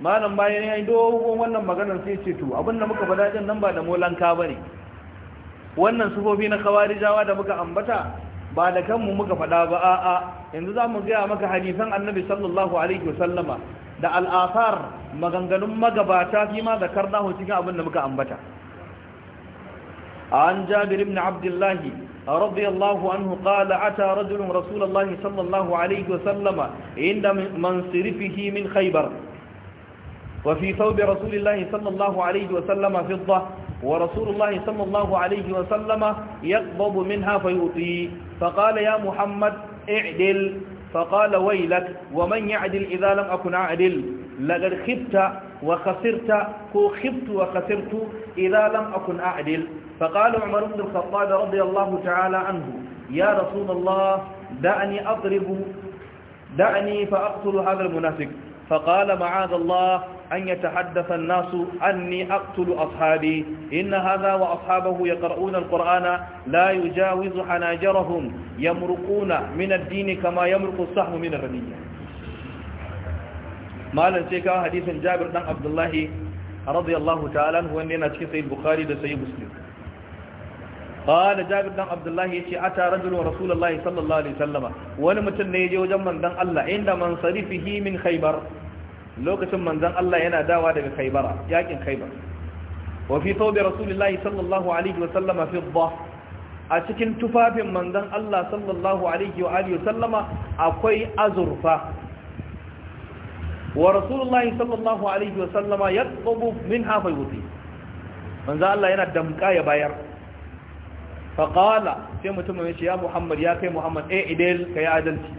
malam bayan ya yi dogon wannan maganar sai ce to abinda muka fada din nan ba da molanka ne. wannan sufofi na kawarijawa da muka ambata ba da kanmu muka faɗa ba a'a yanzu za mu gaya maka hadisan annabi sallallahu alaihi wasallama da al'asar maganganun magabata fi ma zakarnahu cikin abin da muka ambata an jabir ibn abdullah radiyallahu anhu qala ata rajulun rasulullah sallallahu alayhi wa sallama inda man mansirifihi min khaybar wa fi thawb rasulillah sallallahu alayhi wa sallama fidda fiddah ورسول الله صلى الله عليه وسلم يقبض منها فيؤتي فقال ya muhammad اعدل فقال ويلك ومن يعدل إذا لم أكن أعدل لقد خبت وخسرت كو خبت وخسرت إذا لم أكن أعدل فقال عمر بن الخطاب رضي الله تعالى عنه يا رسول الله دعني أضرب دعني فأقتل هذا المنافق فقال معاذ الله أن يتحدث الناس أني أقتل أصحابي إن هذا وأصحابه يقرؤون القرآن لا يجاوز حناجرهم يمرقون من الدين كما يمرق السهم من الرمية مالا سيكا حديث جابر بن عبد الله رضي الله تعالى هو أننا تكسي البخاري لسي مسلم قال جابر بن عبد الله يتي أتى رجل رسول الله صلى الله عليه وسلم ولمتن يجي وجمع دن الله عند من صرفه من خيبر lokacin manzan Allah yana dawa daga kaibara yakin kaibar wa fi thawbi rasulillahi sallallahu alaihi wa sallama fi ba a cikin tufafin manzan Allah sallallahu alaihi wa sallama akwai azurfa wa rasulullahi sallallahu alaihi wa sallama yaqbu min fa yuti manzan Allah yana damka ya bayar fa sai mutumin ya ce ya Muhammad ya kai Muhammad eh idil yi adalci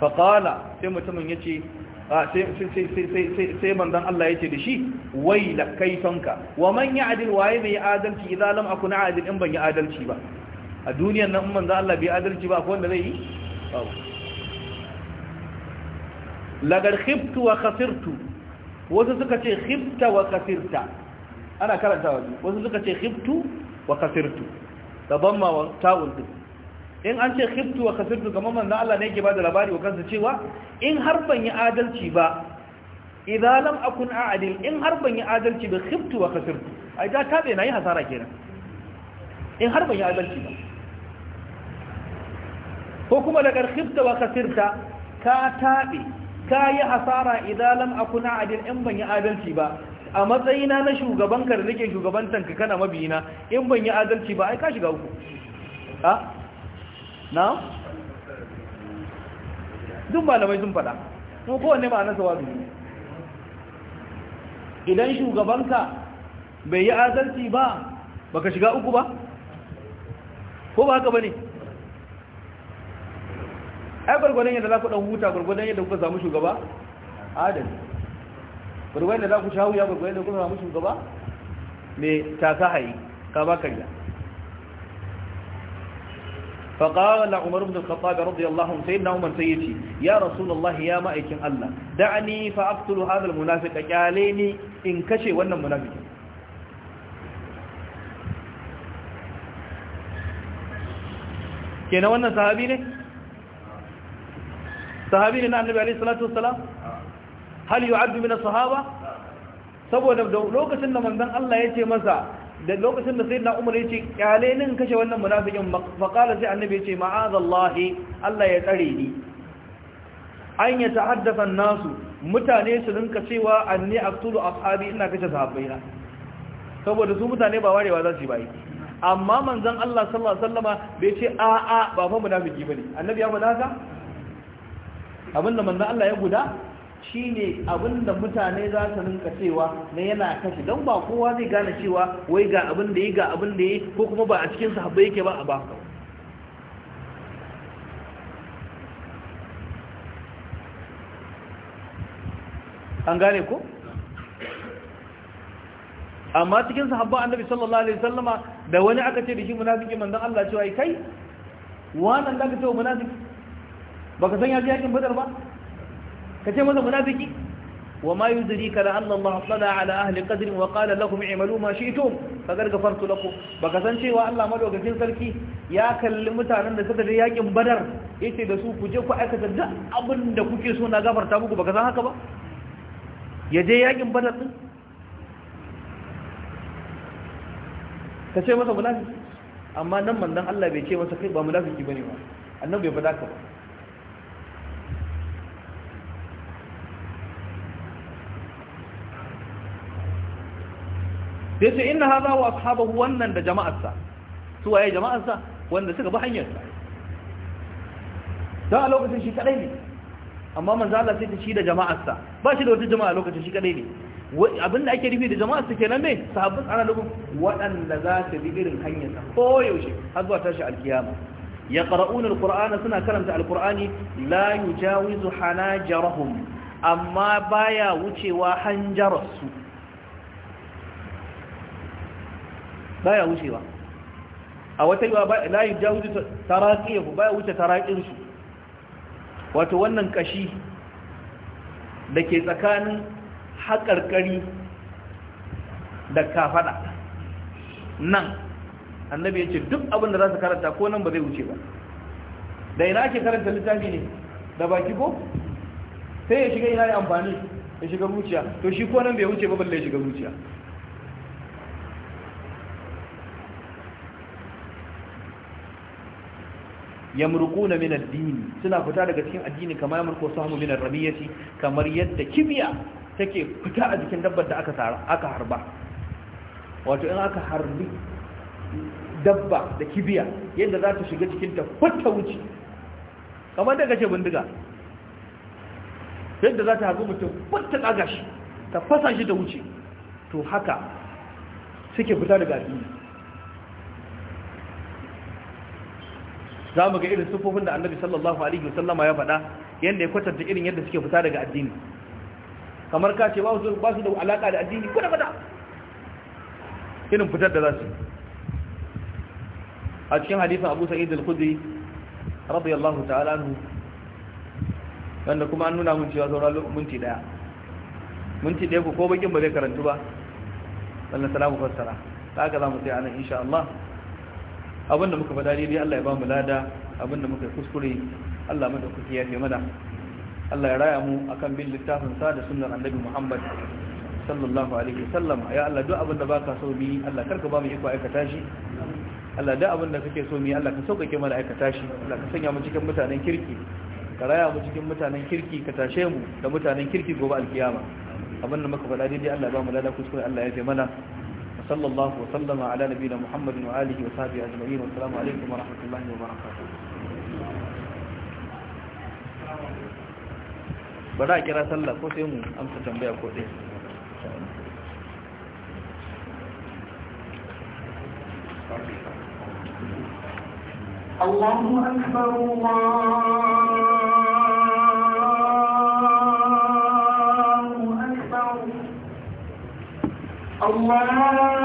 fa sai mutumin ya ce sai manzon Allah ya ce da shi wai la kaitonka wa man ya'dil waye mai adalci idan lam akuna adil in ban yi adalci ba a duniyar nan manzon Allah bai adalci ba akwai wanda zai yi lagar khiftu wa khasirtu wasu suka ce khifta wa khasirta ana karantawa wasu suka ce khiftu wa khasirtu da ban ma ta'ul din in an ce khiftu wa kasirtu kamar na Allah ne yake ba da labari wa kansa cewa in har ban yi adalci ba idza lam akun a'dil in har ban yi adalci ba khiftu wa kasirtu ai da ta bai nayi hasara kenan in har ban yi adalci ba ko kuma da khifta wa kasirta ka tabe ka yi hasara idza lam akun a'dil in ban yi adalci ba a matsayina na shugaban ka da nake shugabantanka kana mabiyina in ban yi adalci ba ai ka shiga uku na duk malamai sun fada ko ba ma'anar sa wazi idan shugabanka bai yi azalci ba baka shiga uku ba ko ba haka bane ai gwargwadon yadda za ku ɗan huta gwargwadon yadda kuka samu shugaba adalci gwargwadon yadda za ku sha huya gwargwadon yadda kuka samu shugaba mai taka hayi ka ba karya فقال عمر بن الخطاب رضي الله عنه سيدنا عمر سيدي يا رسول الله يا مائكين الله دعني فأقتل هذا المنافق قاليني إن كشي وانا منافق كنا وانا صحابيني صحابيني نعم النبي عليه الصلاة والسلام هل يعد من الصحابة سبوة لو كسن من ذن الله يتي مسا da lokacin da sayyidina umar ya ce kyale nin kashe wannan munafikin faqala sai annabi ya ce ma'azallahi Allah ya tsare ni an ya ta'addasa nasu mutane su rinka cewa anni aqtulu ashabi ina kashe sahabbaina saboda su mutane ba warewa za su yi bai amma manzon Allah sallallahu alaihi wasallama bai ce a a ba fa munafiki bane annabi ya faɗa haka abinda manzon Allah ya guda Shi ne abin da mutane za su ninka cewa na yana kashe don ba kowa zai gane cewa wai ga abin da yi ga abin da yi ko kuma ba a cikin sahabbai yake ba a ba an gane ko amma cikin sahabba annabi sallallahu alaihi sallama da wani aka ce da shi munafiki manzon Allah cewa kai wannan da ka ce munafiki baka san ya ji yakin badar ba ka ce masa munafiki wa ma yudrika la anna Allah tala ala ahli qadr wa qala lahum i'malu ma shi'tum fa garga fartu lakum baka san cewa Allah madaukakin sarki ya kalli mutanen da suka je yakin badar yace da su ku je ku aikata duk abin da kuke so na gafarta muku baka san haka ba ya je yakin badar din ka ce masa munafiki amma nan manzon Allah bai ce masa kai ba munafiki bane ba annabi bai faɗa ka ba sai ce inna hadha wa ashabahu wannan da jama'arsa su waye jama'arsa wanda suka bi hanyarsa da lokacin shi kadai ne amma manzo Allah sai ta shi da jama'arsa ba shi da wata jama'a lokacin shi kadai ne abinda ake rufi da jama'arsa kenan ne sahabbai ana nufin waɗanda za su bi irin hanyarsa ko yaushe har zuwa tashi alkiyama yaqra'una alqur'ana suna karanta alqur'ani la yujawizu hanajarahum amma baya wucewa hanjararsu baya wucewa a wata yiwa la yujawizu taraqiyahu baya wuce taraqin su wato wannan kashi ke tsakanin haƙarƙari da kafaɗa nan annabi ya ce duk abin da za su karanta ko nan ba zai wuce ba da ina ake karanta littafi ne da baki ko sai ya shiga ina yi amfani ya shiga zuciya to shi ko nan bai wuce ba balle ya shiga zuciya yamruquna min ad-din suna fita daga cikin addini kamar yamruqu sahmu min ar-ramiyati kamar yadda kibiya take fita a jikin dabbar da aka aka harba wato in aka harbi dabba da kibiya yadda za ta shiga cikin ta fata wuce kamar daga ce bindiga yadda za ta harbi mutum fata tsaga ta fasa shi ta wuce to haka suke fita daga addini za mu ga irin sufofin da annabi sallallahu alaihi wasallama ya faɗa yadda ya kwatanta irin yadda suke fita daga addini kamar ka ce ba su ba su da alaka da addini da fada irin fitar da za su a cikin hadisin Abu Sa'id al-Khudri radiyallahu ta'ala anhu wanda kuma an nuna mun cewa sauran minti daya minti daya ko bakin ba zai karantu ba alaihi salamu fassara haka za mu sai anan insha Allah abinda muka faɗa daidai Allah ya ba mu lada abinda muka kuskure Allah madaukaki ya fi mana Allah ya raya mu akan bin littafin sa da sunnar annabi Muhammad sallallahu alaihi wasallam ya Allah duk abinda baka so mi Allah karka ba mu iko aikata shi Allah da abinda kake so mi Allah ka sauƙaƙe mana aikata shi Allah ka sanya mu cikin mutanen kirki ka raya mu cikin mutanen kirki ka tashe mu da mutanen kirki gobe alkiyama abinda muka faɗa daidai Allah ya ba mu lada kuskure Allah ya fi mana وصلى الله وسلم على نبينا محمد وآله وصحبه أجمعين والسلام عليكم ورحمة الله وبركاته بدا كرا a kira sallah ko sai mu amsa الله أكبر الله Allah